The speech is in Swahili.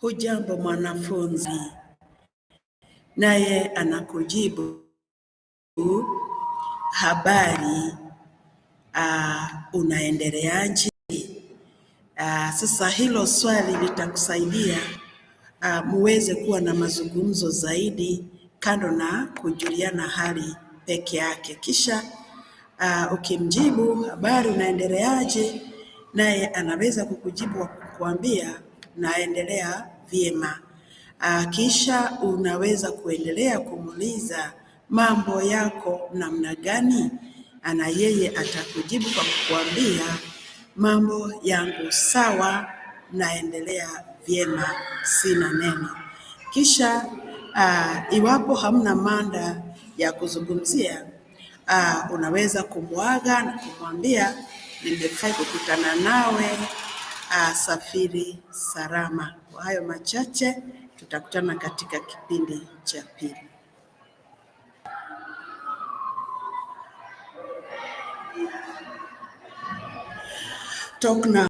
hujambo mwanafunzi? Naye anakujibu habari, uh, unaendeleaje? Uh, sasa hilo swali litakusaidia uh, muweze kuwa na mazungumzo zaidi kando na kujuliana hali peke yake. Kisha uh, ukimjibu habari unaendeleaje, naye anaweza kukujibu kwa kukuambia naendelea vyema. Ah, kisha unaweza kuendelea kumuuliza mambo yako namna gani, na yeye atakujibu kwa kukuambia mambo yangu sawa, naendelea vyema, sina neno. Kisha uh, iwapo hamna mada ya kuzungumzia uh, unaweza kumwaga na kumwambia nimefurahi kukutana nawe asafiri salama. Kwa hayo machache, tutakutana katika kipindi cha pili. Talk now.